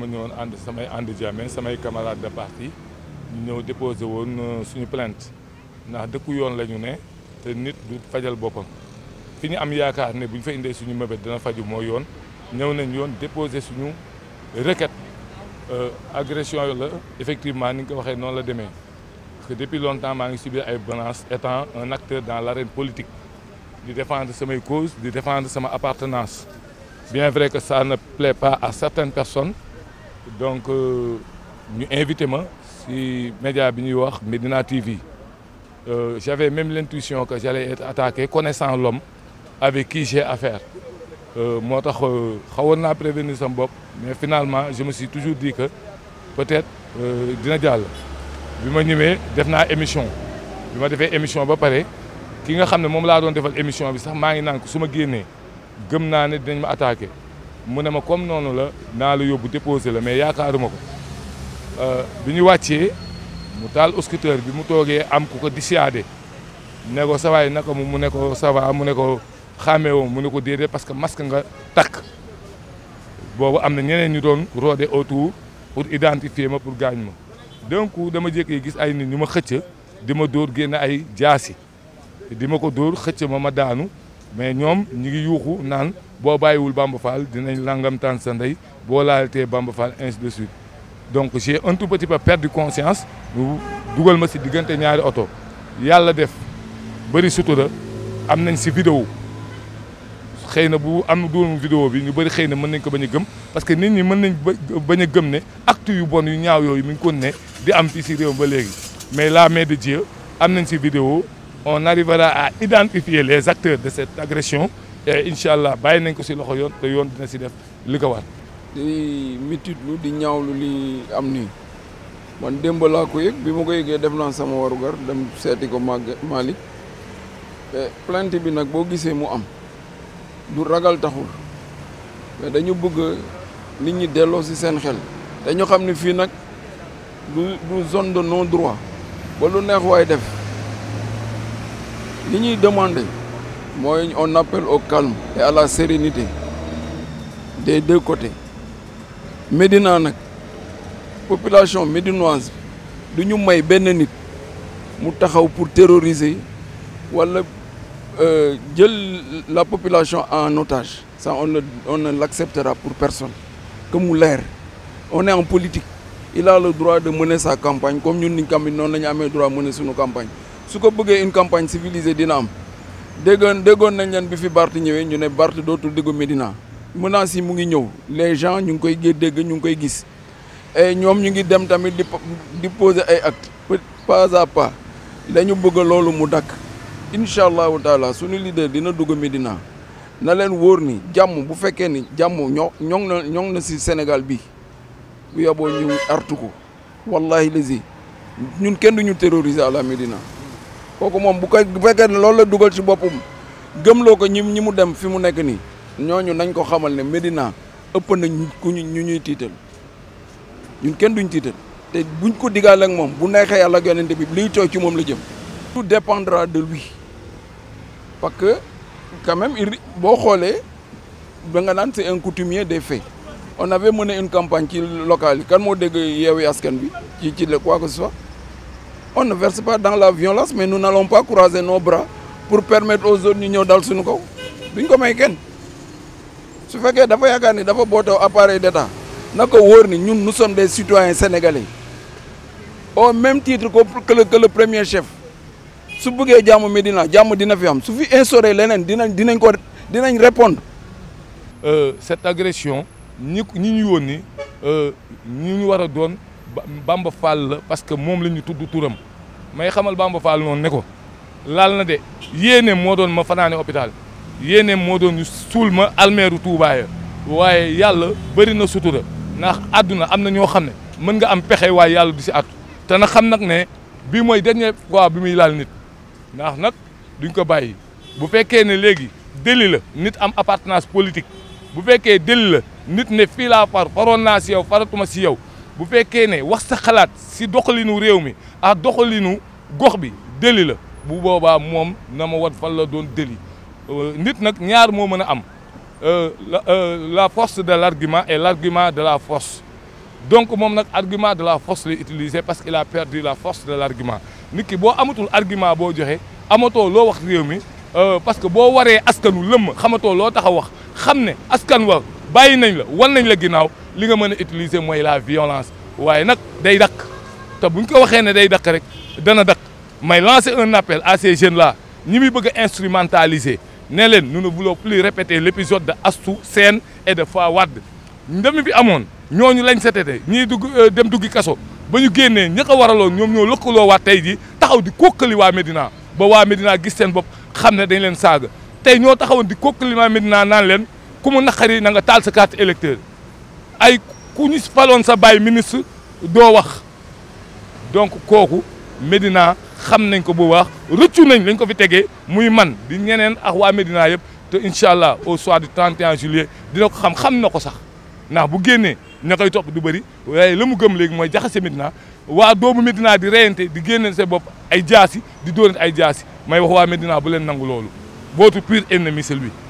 ma ñëwoon ànd samay ànd jaamee samay camarades de parti ñëw déposé woon euh, suñu plainte ndax dëkku yoon la ñu ne te nit du fajal boppam fi ñu am yaakaar ne bu ñu fa indee suñu mébét dina faju moo yoon ñëw nañ yoon déposé suñu requête euh, agression la effectivement ni nga ko waxee noonu la demee que depuis longtemps maa ngi subir ay menaces étant un acteur dans l'arène politique di défendre samay cause di défendre sama appartenance bien vrai que ça ne plaît pas a certaines personnes donc euh, ñu invité ma si média bi ñuy wax Medina TV euh, j'avais même l'intuition que j'allais être attaqué connaissant l'homme avec qui j'ai affaire euh, moo tax euh, xawoon naa prévenir sama bopp mais finalement je me suis toujours dit que peut-être dina jàll bi ma ñëwee def naa émission bi ma defee émission ba pare ki nga xam ne moom laa doon defal émission bi sax maa ngi naan ko su génnee gëm naa ne dinañ ma attaqué mu ne ma comme noonu la naa la yóbbu déposé la mais yaakaaruma ko euh, bi ñu wàccee mu taal scooter bi mu toogee am ku ko di ne ko sa waay naka mu mu ne ko ça mu ne ko woo mu ne ko déedéet parce que masque nga takk boobu am na ñeneen ñu doon rôder autour pour identifier ma pour gaañ ma donc dama jékkee gis ay nit ñu ma xëcc di ma dóor génn ay jaasi di ma ko dóor xëcc ma ma daanu mais ñoom ñu ngi yuuxu naan boo bàyyiwul Bamba Fall dinañ langam taan sa ndey boo laalatee Bamba Fall ainsi de suite donc j'ai un tout petit peu perdu conscience ñu dugal ma si diggante ñaari oto yàlla def bëri sutura am nañ si vidéo xëy na bu am doon vidéo bi ñu bari xëy na mën nañ ko bañ a gëm parce que nit ñi mën nañ bañ a gëm ne acte yu bon yu ñaaw yooyu mi ngi kon ne di am fii si réew ba léegi mais la mais de Dieu am nañ si vidéo on arrivera à identifier les acteurs de cette agression et incha allah bàyyi nañ ko si loxo yoon te yoon dina si def li ko war. di métitlu di ñaawlu li am nii man démb ko yëg bi ma ko yëgee def naa sama warugar dem seeti ko Maguette Malick eh, plainte bi nag boo gisee mu am du ragal taxul mais dañu bëgg nit ñi delloo si seen xel te xam ne fii nag du du zone de non droit ba lu neex waay def. li ñuy demander mooy on appelle au calme et à la sérénité des deux côtés Médina nag population médinoise du ñu may benn nit mu taxaw pour terroriser wala euh, jël la population en otage ça on na on ne l'acceptera pour personne que mu leer on est en politique il la le droit de mener sa campagne comme ñun niñ campagne noonu la amee droit mener suñu campagne su ko bëggee une campagne civilisée dina am déggoon déggoon nañ leen bi fi Barth ñëwee ñu ne Barth dootul déggu Médina menaces yi mu ngi ñëw les gens ñu ngi koy dégg ñu ngi koy gis et ñoom ñu ngi dem tamit di di poser ay actes pas à pas dañu bëgg loolu mu dakk incha allahu taala suñu leader dina dugg Médina na leen wóor ni jàmm bu fekkee ni jàmm ño ñoŋ na na si Sénégal bi bu yaboo ñu artu ko wallahi lazi ñun kenn duñu terroriser à la Médina kooku moom bu koy bu fekkee ne loolu la dugal si boppam gëmloo ko ñi ñi mu dem fi mu nekk nii ñooñu nañ ko xamal ne Médina ëpp nañ ku ñu ñu ñuy tiital ñun kenn duñ tiital te buñ ko digaale ak moom bu neexee yàlla ak yonente bi liy coow ci moom la jëm. tout dépendra de lui parce que quand même il boo xoolee ba nga naan c'est un coutumier des faits on avait mené une campagne ci locale yi kan moo dégg yeewi askan bi ci ci le quoi que ce on ne verse pas dans la violence mais nous n'allons pas croiser nos bras pour permettre aux autres ñu ñëw dal suñu kaw duñ ko may kenn su fekkee dafa yaakaar ni dafa bootoo appareil d'État na ko wóor ni ñu nous sommes des citoyens sénégalais au même titre que le que le premier chef su bëggee jàmm Médina jàmm dina fi am su fi instauré leneen dinañ dinañ ko dinañ répondre. Euh, cette agression ñi ñi ñu yónni euh, ñu ñu war a doon. Bamba Fall la parce que moom la ñu tudd turam may xamal Bamba Fall noonu ne ko laal na de yéene moo doon ma fanaane hôpital yéene moo doon suul ma almeeru Tuubaa ya waaye yàlla bëri na sutura ndax àdduna am na ñoo xam ne mën nga am pexe waaye yàlla du si at te na xam nag ne bii mooy dernier fois bi muy laal nit ndax nag duñ ko bàyyi bu fekkee ne léegi déli la nit am appartenance politique bu fekkee déli la nit ne fii laa far faroon naa si yow si yow bu fekkee ne wax sa xalaat si doxalinu réew mi ah doxalinu gox bi déli la bu boobaa moom na ma wat fan la doon déli euh, nit nag ñaar moo mën a am euh, euh, la force de l'argument et l'argument de la force donc moom nag argument de la force lay utiliser parce qu'il a perdu la force de l'argument nit ki boo amatul argument boo joxe amatoo loo wax réew mi parce que boo waree askanu lëmm xamatoo loo taxa wax xam ne askan wa bàyyi nañ la wan nañ la ginnaaw li nga mën a utiliser mooy la violence waaye nag day dakk te buñ ko waxee ne day dakk rek dana dakk may lancer un appel à ces jeunes ñi muy bëgg a instrumentaliser ne leen nous ne voulons plus répéter l'épisode de Astou Sène et de Fawad ndemi bi amoon ñooñu lañ setete ñii dugg euh, dem duggi kaso ba ñu génnee ña ko waraloon ñoom ñoo lëkkaloo waat tey ji taxaw di kokkali waa Médina ba waa Médina gis seen bopp xam ne dañ leen saaga tey ñoo taxawoon di kokkali waa Médina naan leen ku mu naqari na nga taal sa carte électeur ay ku ñu faloon sa baay ministre doo wax donc kooku Médina xam nañ ko bu baax rëccu nañ lañ ko fi tegee muy man di ñeneen ak waa Médina yëpp te incha allah au soir du 31 juillet dina ko xam xam na ko sax ndax bu génnee ña koy topp du bëri waaye la mu gëm léegi mooy jaxase Médina waa doomu Médina di reyante di génne seen bopp ay jaasi di dóorante ay jaasi may wax waa Médina bu leen nangu loolu votre pire ennemi c'est